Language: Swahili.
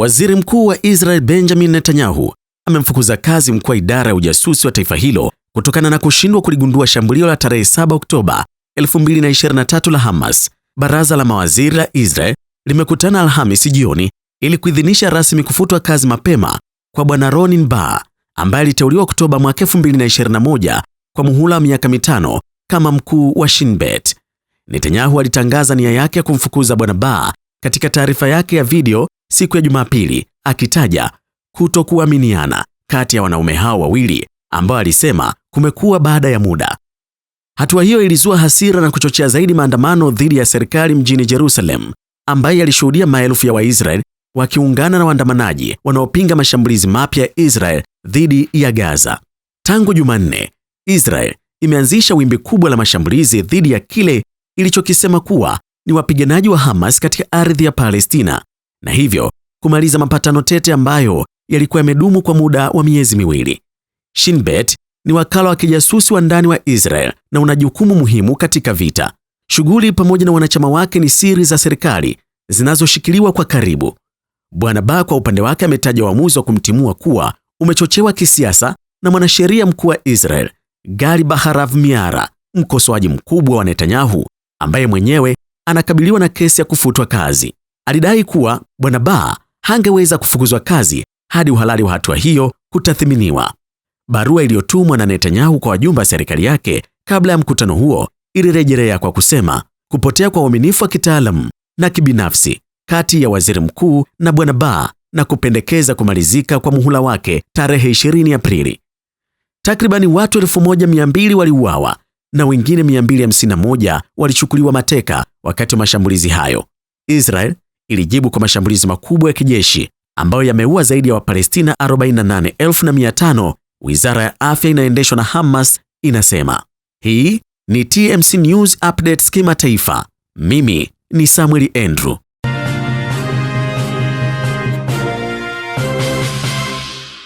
Waziri Mkuu wa Israel Benjamin Netanyahu amemfukuza kazi mkuu wa idara ya ujasusi wa taifa hilo kutokana na kushindwa kuligundua shambulio la tarehe 7 Oktoba 2023 la Hamas. Baraza la mawaziri la Israel limekutana Alhamisi jioni ili kuidhinisha rasmi kufutwa kazi mapema kwa bwana ronin Bar ambaye aliteuliwa Oktoba mwaka 2021 kwa muhula wa miaka mitano kama mkuu wa Shin Bet. Netanyahu alitangaza nia yake ya kumfukuza bwana Bar katika taarifa yake ya video siku ya Jumapili akitaja kutokuaminiana kati ya wanaume hao wawili ambao alisema kumekuwa baada ya muda. Hatua hiyo ilizua hasira na kuchochea zaidi maandamano dhidi ya serikali mjini Jerusalem, ambaye yalishuhudia maelfu ya waisrael wakiungana na waandamanaji wanaopinga mashambulizi mapya ya Israel dhidi ya Gaza. Tangu Jumanne, Israel imeanzisha wimbi kubwa la mashambulizi dhidi ya kile ilichokisema kuwa ni wapiganaji wa Hamas katika ardhi ya Palestina na hivyo kumaliza mapatano tete ambayo yalikuwa yamedumu kwa muda wa miezi miwili. Shinbet ni wakala wa kijasusi wa ndani wa Israel na una jukumu muhimu katika vita. Shughuli pamoja na wanachama wake ni siri za serikali zinazoshikiliwa kwa karibu. Bwana Ba kwa upande wake ametaja uamuzi wa kumtimua kuwa umechochewa kisiasa na mwanasheria mkuu wa Israel Gali Baharav Miara, mkosoaji mkubwa wa Netanyahu ambaye mwenyewe anakabiliwa na kesi ya kufutwa kazi. Alidai kuwa Bwana Ba hangeweza kufukuzwa kazi hadi uhalali wa hatua hiyo kutathiminiwa. Barua iliyotumwa na Netanyahu kwa wajumbe wa serikali yake kabla ya mkutano huo ilirejelea kwa kusema kupotea kwa uaminifu wa kitaalamu na kibinafsi kati ya waziri mkuu na Bwana Ba na kupendekeza kumalizika kwa muhula wake tarehe 20 Aprili. Takribani watu 1200 waliuawa na wengine 251 walichukuliwa mateka wakati wa mashambulizi hayo. Israel ilijibu kwa mashambulizi makubwa ya kijeshi ambayo yameua zaidi ya Wapalestina 48,500, wizara ya afya inaendeshwa na Hamas inasema. Hii ni TMC News Updates kimataifa. Mimi ni Samuel Andrew.